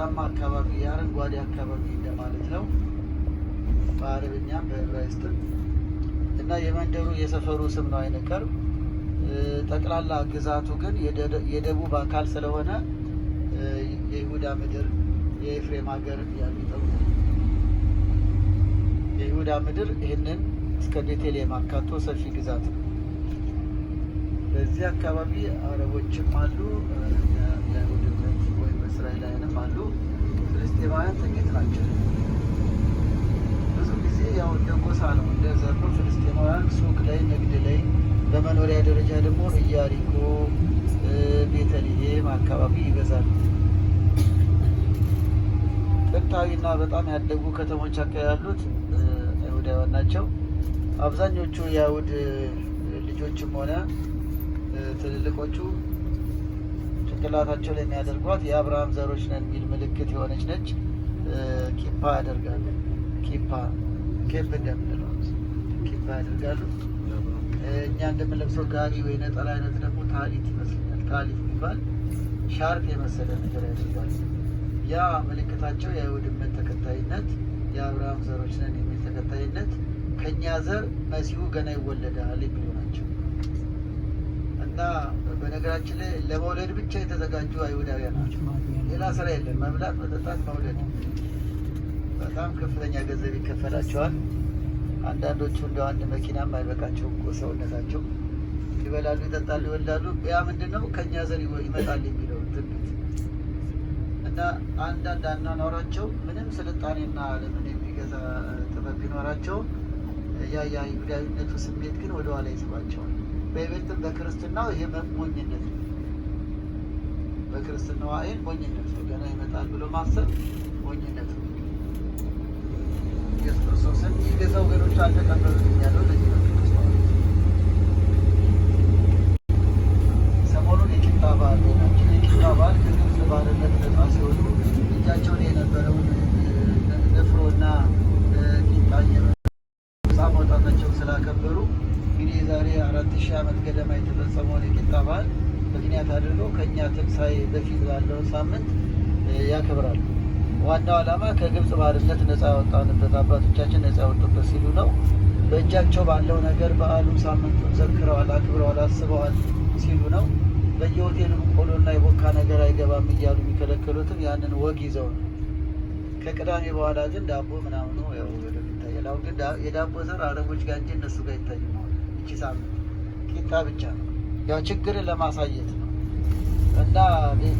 ኮረብታማ አካባቢ የአረንጓዴ አካባቢ እንደማለት ነው በአረብኛ በዕብራይስጥም እና የመንደሩ የሰፈሩ ስም ነው አይነቀር። ጠቅላላ ግዛቱ ግን የደቡብ አካል ስለሆነ የይሁዳ ምድር የኤፍሬም ሀገር ያሉ ይጠሩታል። የይሁዳ ምድር ይህንን እስከ ቤቴሌም አካቶ ሰፊ ግዛት ነው። በዚህ አካባቢ አረቦችም አሉ። እስራኤላውያንም አሉ፣ ፍልስጤማውያን ጥቂት ናቸው። ብዙ ጊዜ ያው እንደ ጎሳ ነው እንደ ዘር ነው። ፍልስጤማውያን ሱቅ ላይ፣ ንግድ ላይ፣ በመኖሪያ ደረጃ ደግሞ ኢያሪኮ፣ ቤተልሔም አካባቢ ይበዛሉ። ጥንታዊና በጣም ያደጉ ከተሞች አካባቢ ያሉት አይሁዳውያን ናቸው። አብዛኞቹ የአይሁድ ልጆችም ሆነ ትልልቆቹ ጭንቅላታቸው ላይ የሚያደርጓት የአብርሃም ዘሮች ነን የሚል ምልክት የሆነች ነች። ኪፓ ያደርጋሉ። ኪፓ ኬፕ እንደምንለው ኪፓ ያደርጋሉ። እኛ እንደምንለብሰው ጋሪ ወይ ነጠላ አይነት ደግሞ ታሊት ይመስለኛል። ታሊት የሚባል ሻርፕ የመሰለ ነገር ያደርጓል። ያ ምልክታቸው የአይሁድ እምነት ተከታይነት፣ የአብርሃም ዘሮች ነን የሚል ተከታይነት ከእኛ ዘር መሲሁ ገና ይወለዳል የሚሉ ናቸው። እና በነገራችን ላይ ለመውለድ ብቻ የተዘጋጁ አይሁዳውያን ናቸው። ሌላ ስራ የለም፣ መብላት፣ መጠጣት፣ መውለድ። በጣም ከፍተኛ ገንዘብ ይከፈላቸዋል። አንዳንዶቹ እንደ አንድ መኪናም አይበቃቸው እኮ ሰውነታቸው። ይበላሉ፣ ይጠጣሉ፣ ይወልዳሉ። ያ ምንድን ነው ከእኛ ዘር ይመጣል የሚለው ትንቢት እና አንዳንድ አናኗራቸው ምንም ስልጣኔና ዓለምን የሚገዛ ጥበብ ቢኖራቸው ያ የአይሁዳዊነቱ ስሜት ግን ወደኋላ ይስባቸዋል። በይበልጥም በክርስትናው ይሄ ሞኝነት ነው። በክርስትናው አይን ሞኝነት ነው። ገና ይመጣል ብሎ ማሰብ ሞኝነት ነው። ኢየሱስ ክርስቶስን ይገዛ ወገኖች አልተቀበሉትም ያለው ለዚህ ነው። የፋሲካ በዓል ምክንያት አድርጎ ከእኛ ትንሣኤ በፊት ባለው ሳምንት ያከብራሉ። ዋናው ዓላማ ከግብፅ ባርነት ነፃ ያወጣንበት አባቶቻችን ነፃ ያወጡበት ሲሉ ነው። በእጃቸው ባለው ነገር በዓሉ ሳምንቱን ዘክረዋል፣ አክብረዋል፣ አስበዋል ሲሉ ነው። በየሆቴሉ ቆሎና የቦካ ነገር አይገባም እያሉ የሚከለከሉትም ያንን ወግ ይዘው ነው። ከቅዳሜ በኋላ ግን ዳቦ ምናምኑ ያው ይታያል። አሁን ግን የዳቦ ዘር አረቦች ጋር እንጂ እነሱ ጋር ይታይ ነው። እቺ ሳምንት ቂጣ ብቻ ነው። ያው ችግርን ለማሳየት ነው እና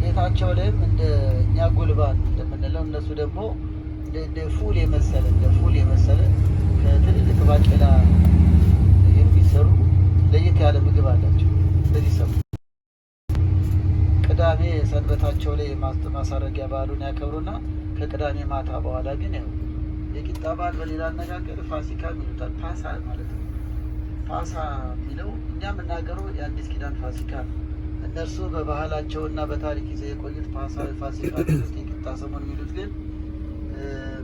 ቤታቸው ላይም እንደ እኛ ጉልባት እንደምንለው እነሱ ደግሞ እንደ ፉል የመሰለ እንደ ፉል የመሰለ ከትልልቅ ባቄላ የሚሰሩ ለየት ያለ ምግብ አላቸው። በዚህ ሰው ቅዳሜ ሰንበታቸው ላይ ማሳረጊያ በዓሉን ያከብሩና ከቅዳሜ ማታ በኋላ ግን ያው የቂጣ በዓል በሌላ አነጋገር ፋሲካ ይሉታል። ፓሳ ማለት ነው። ፋሳ የሚለው እኛ የምናገረው የአዲስ ኪዳን ፋሲካ ነው። እነርሱ እና በታሪክ ይዘው የቆዩት ፋሳ ፋሲካ ውስጥ የቂጣ ሰሞን የሚሉት ግን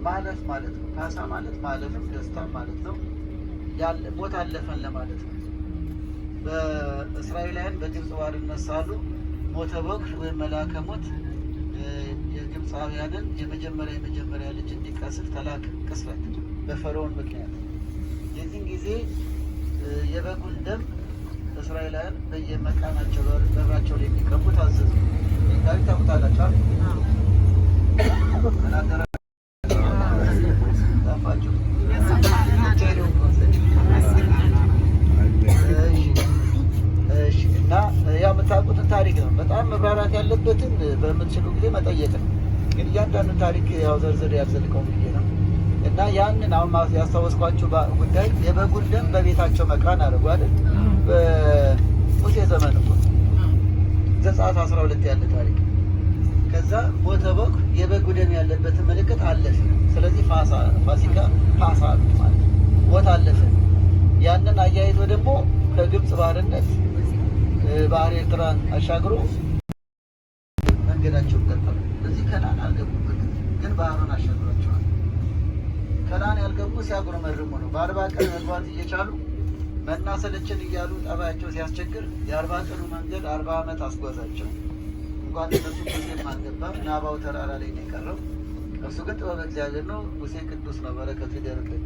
ማለፍ ማለት ነው። ፋሳ ማለት ማለፍም ደስታ ማለት ነው። ሞት አለፈን ለማለት ነው። በእስራኤላውያን በግብፅ ባርነት ሳሉ ሞተ በግ ወይም መላከ ሞት የግብፃውያንን የመጀመሪያ የመጀመሪያ ልጅ እንዲቀስፍ ተላከ። ቅስፈት በፈርዖን ምክንያት የዚህን ጊዜ የበጉን ደም እስራኤላውያን በየመቃናቸው በራቸው ላይ የሚቀቡ ታዘዙ። ዳዊት ታውቁታላችሁ። እና ያው የምታውቁትን ታሪክ ነው። በጣም መብራራት ያለበትን በምትችሉ ጊዜ መጠየቅ ግን እያንዳንዱን ታሪክ ያው ዘርዝር ያዘልቀው ጊዜ ነው። እና ያንን አሁን ያስታወስኳቸው ጉዳይ የበጉን ደም በቤታቸው መቃን አድርጉ አይደል? በሙሴ ዘመን እኮ ዘጸአት 12 ያለ ታሪክ ከዛ ሞተ በግ የበጉ ደም ያለበትን ምልክት አለፈ። ስለዚህ ፋሳ ፋሲካ ፋሳ ማለት ሞት አለፈ። ያንን አያይዞ ደግሞ ከግብፅ ባርነት ባህር ኤርትራን አሻግሮ መንገዳቸው ቀጠሉ። እዚህ ከናን አልገቡበት፣ ግን ባህሩን አሻግሯቸዋል። ከላን ያልገቡ ሲያጉረመርሙ ነው። በአርባ ቀን መግባት እየቻሉ መናሰለችን እያሉ ጠባያቸው ሲያስቸግር የአርባ ቀኑ መንገድ አርባ ዓመት አስጓዛቸው። እንኳን እነሱ ሙሴም አልገባም፣ ናባው ተራራ ላይ ነው የቀረው። እሱ ግን ጥበብ እግዚአብሔር ነው። ሙሴ ቅዱስ ነው፣ በረከቱ ይደርብን።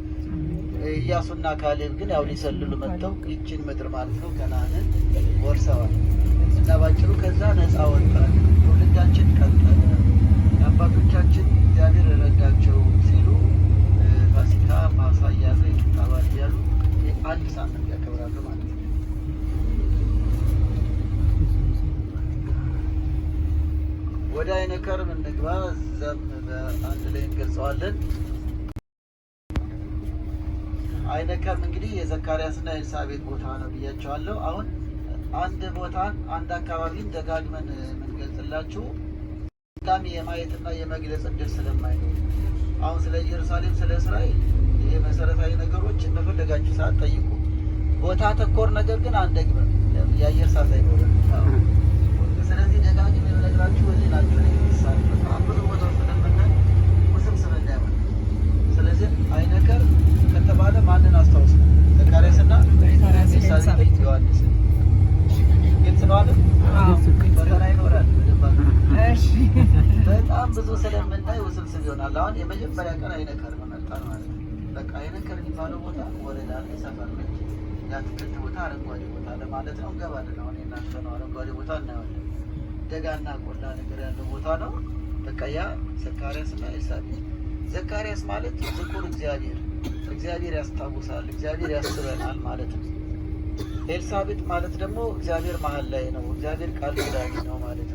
እያሱና ካሌብ ግን ያው ሊሰልሉ መጥተው ይችን ምድር ማለት ነው ከናንን ወርሰዋል። እና ባጭሩ ከዛ ነፃ ወጣን። ትውልዳችን ቀጠለ። አባቶቻችን እግዚአብሔር ረዳቸው። አሳ እያዘ ጣባ እያሉ አንድ ሳምንት ያከብራሉ ማለት ነው። ወደ አይነ ከርም እንግባ። እዛም በአንድ ላይ እንገልጸዋለን። አይነ ከርም እንግዲህ የዘካርያስና የኤልሳቤጥ ቦታ ነው ብያቸዋለሁ። አሁን አንድ ቦታን አንድ አካባቢን ደጋግመን የምንገልጽላችሁ ድጋሚ የማየትና የመግለጽ እድል ስለማይኖር አሁን ስለ ኢየሩሳሌም ስለ እስራኤል መሰረታዊ ነገሮች በፈለጋችሁ ሰዓት ጠይቁ። ቦታ ተኮር ነገር ግን አንደግምም። የአየር ሰዓት አይኖርም። ስለዚህ ደጋግ የምነግራችሁ ወደ ናቸው የሚሳል በጣም ብዙ ቦታ ስለዚህ አይነገር ከተባለ ማንን አስታውስ? ዮሐንስ። ግልጽ ነው ፈተና ይኖራል። በጣም ብዙ ስለምናይ ውስብስብ ይሆናል። አሁን የመጀመሪያ ቀን አይነገር ቦታ አረንጓዴ ቦታ ለማለት ነው። እንገባለን። አሁን የእናንተ ነው አረንጓዴ ቦታ እናየዋለን። ደጋና ቆላ ነገር ያለው ቦታ ነው። በቃ ያ ዘካርያስ እና ኤልሳቤጥ። ዘካርያስ ማለት ዝኩር እግዚአብሔር፣ እግዚአብሔር ያስታውሳል፣ እግዚአብሔር ያስበናል ማለት ነው። ኤልሳቤጥ ማለት ደግሞ እግዚአብሔር መሀል ላይ ነው፣ እግዚአብሔር ቃል ኪዳን ነው ማለት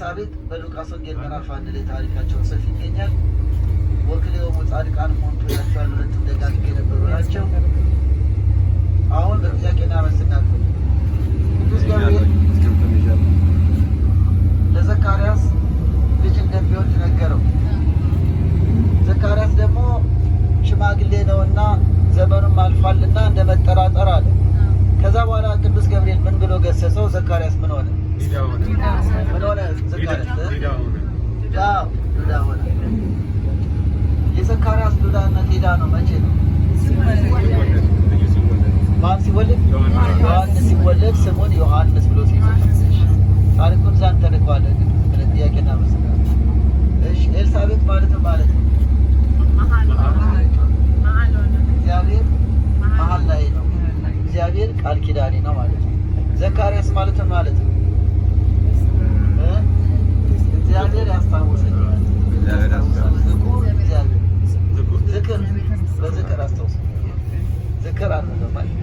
ኤልሳቤጥ በሉቃስ ወንጌል ምዕራፍ አንድ ላይ ታሪካቸውን ጽፍ ይገኛል። ወክሌ ወክልኤሆሙ ጻድቃን ሞንቱ ዳ ዱዳ ሆነ። ነው መቼ ነው? ማን ሲወለድ? ዮሐንስ ሲወለድ ስሙን ዮሐንስ ብሎ ሲይዝ ታሪኩን ዛን ተልኳለ ግን ጥያቄና መስጋት እሺ፣ ኤልሳቤጥ ማለት ነው ማለት ነው እግዚአብሔር መሀል ላይ ነው። እግዚአብሔር ቃል ኪዳኔ ነው ማለት ነው። ዘካርያስ ማለት ነው ማለት ነው እግዚአብሔር ያስታውሰኛል። ዝቁር እግዚአብሔር ዝክር በዝክር ዝክር ማለት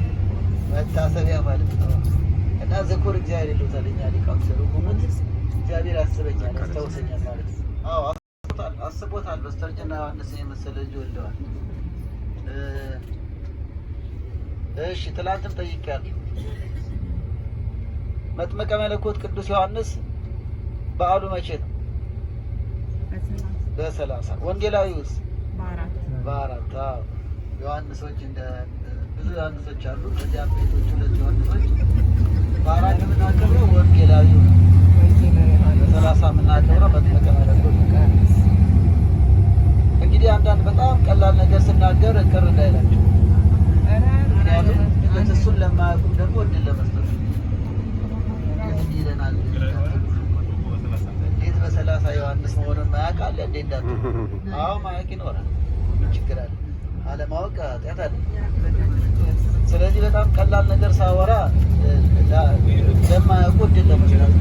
መታሰቢያ ማለት ነው እና ዝኩር እግዚአብሔር ይሉታልኛ ሊቃውንት ትርጉሙን እግዚአብሔር ያስበኛል ያስታውሰኛል ማለት ነው። አስቦታል። በስተርጅና ዮሐንስን የመሰለ ልጅ ወልደዋል። እሺ ትላንትም ጠይቄያለሁ። መጥመቀ መለኮት ቅዱስ ዮሐንስ በዓሉ መቼ ነው? በሰላሳ ወንጌላዊውስ በአራት ዮሐንሶች እንደ ብዙ ዮሐንሶች አሉ። ከዚያ ቤቶች ሁለት ዮሐንሶች በአራት የምናከብረው ወንጌላዊ በሰላሳ የምናከብረው መጥምቀ እንግዲህ አንዳንድ በጣም ቀላል ነገር ስናገር ቅር እንዳይላቸው ምክንያቱም እሱን ለማያውቁም ደግሞ እድል ለመስጠት ሰላሳ ዮሐንስ መሆኑን ማያውቅ አለ እንዴ? እንዳ አዎ ማያውቅ ይኖራል። ምን ችግር አለ? አለማወቅ ኃጢአት አለ። ስለዚህ በጣም ቀላል ነገር ሳወራ ለማያውቁ እድል ለመችላል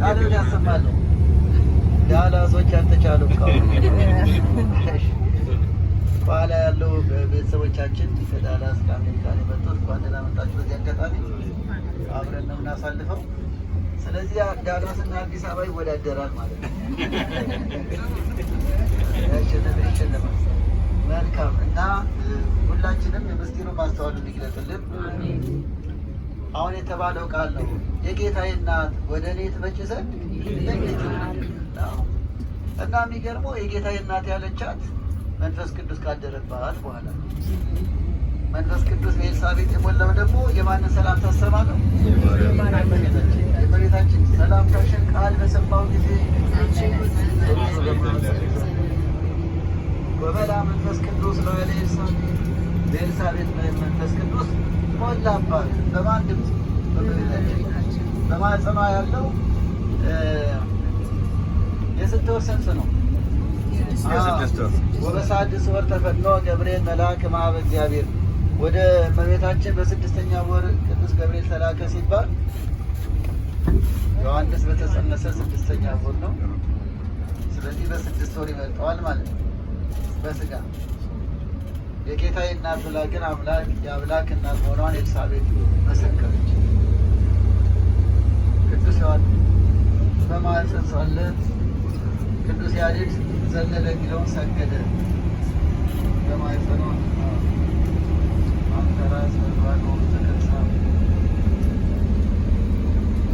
ቃሉን ያሰማል ነው ዳላሶች አልተቻሉም። ያለው ቤተሰቦቻችን ከዳላስ ከአሜሪካን የመጡት እንኳን ደህና መጣችሁ። በዚህ አጋጣሚ አብረን ነው የምናሳልፈው። ስለዚህ ዳላስ እና አዲስ አበባ ይወዳደራል ማለት ነው። መልካም እና ሁላችንም የምስጢሩን ማስተዋሉን ይግለጥልን። አሁን የተባለው ቃል ነው። የጌታዬ እናት ወደ እኔ ትመጪ ዘንድ እና የሚገርመው የጌታዬ እናት ያለቻት መንፈስ ቅዱስ ካደረባት በኋላ መንፈስ ቅዱስ በኤልሳቤጥ የሞላው ደግሞ የማንን ሰላም ታሰማ ነው? የመሬታችን ሰላምታሽን ቃል በሰማው ጊዜ ወበላ መንፈስ ቅዱስ ነው ያለ ኤልሳቤጥ በኤልሳቤጥ መንፈስ ቅዱስ ሞላባት። በማን ድምፅ? በማህፀኗ ያለው የስንት ወር ጽንስ ነው? ወበሳድስ ወር ተፈኖ ገብርኤል መልአክ ማህበ እግዚአብሔር ወደ እመቤታችን በስድስተኛ ወር ቅዱስ ገብርኤል ተላከ ሲባል ዮሐንስ በተጸነሰ ስድስተኛ ወር ነው። ስለዚህ በስድስት ወር ይበልጠዋል ማለት ነው በስጋ የጌታዬ እናት ብላ ግን አምላክ የአምላክ እናት መሆኗን ኤልሳቤጥ መሰከረች። ቅዱስ ዮሐንስ በማኅፀን ሳለ ቅዱስ ያሬድ ዘለለ የሚለውን ሰገደ። በማኅፀኗ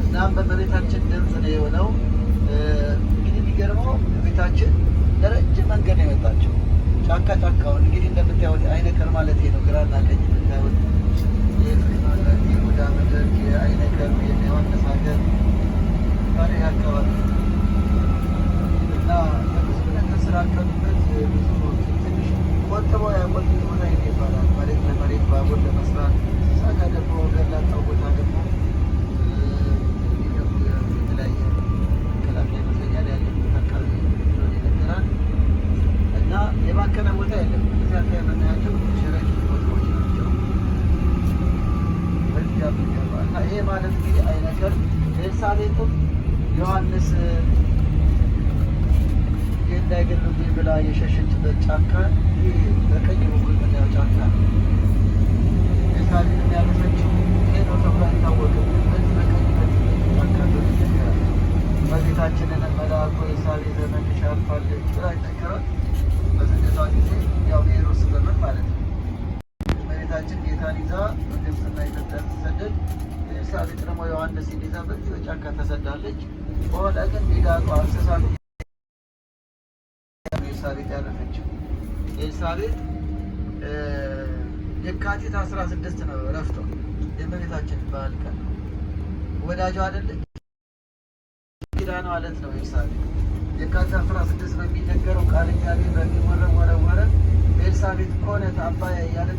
እናም በመቤታችን ድምፅ ነው የሆነው። እንግዲህ የሚገርመው ቤታችን ለረጅም መንገድ ነው የመጣቸው ጫካ ጫካውን እንግዲህ እንደምታዩት አይነከር ማለት ነው። ግራና ቀኝ የምታዩት የይሁዳ ምድር የአይነ የዮሐንስ ሀገር ታሪክ አካባቢ እና በብዙ የተሰራቀሉበት ብዙ ትንሽ ቆጥበው ያቆዩት ሆነ ይባላል። መሬት ለመሬት ባቡር ለመስራት ሳካ ደግሞ ገላጣው ቦታ ደግሞ ሳሌጡም ዮሐንስ እንዳይገሉብኝ ብላ የሸሸችበት ጫካ በቀኝ በኩል ምናየው ጫካ የሳሌጥ የሚያመሰችው ሄኖ ተብሎ አይታወቅም። በቀኝ ጫካ እመቤታችንን መልአኩ የሳቤ ዘመን ሻርፋለች ብላ ይነገራል። በስደቷ ጊዜ ያው የሄሮስ ዘመን ማለት ነው። እመቤታችን ጌታን ይዛ በግብፅና ኢትዮጵያ ስትሰደድ ንሳሌት ደግሞ ዮሐንስ ዲዘንበት በጫካ ተሰዳለች። በኋላ ግን ሌላቷ እንስሳት ኤልሳቤጥ ያረፈችው ኤልሳቤጥ የካቲት አስራ ስድስት ነው ረፍቷ የእመቤታችን በዓል ቀን ወዳጇ አይደለች ኪዳኗ ዕለት ነው ኤልሳቤጥ የካቲት አስራ ስድስት በሚነገረው ቃል እግዚአብሔር በሚወረ ኤልሳቤጥ ኮነት አባያ እያለ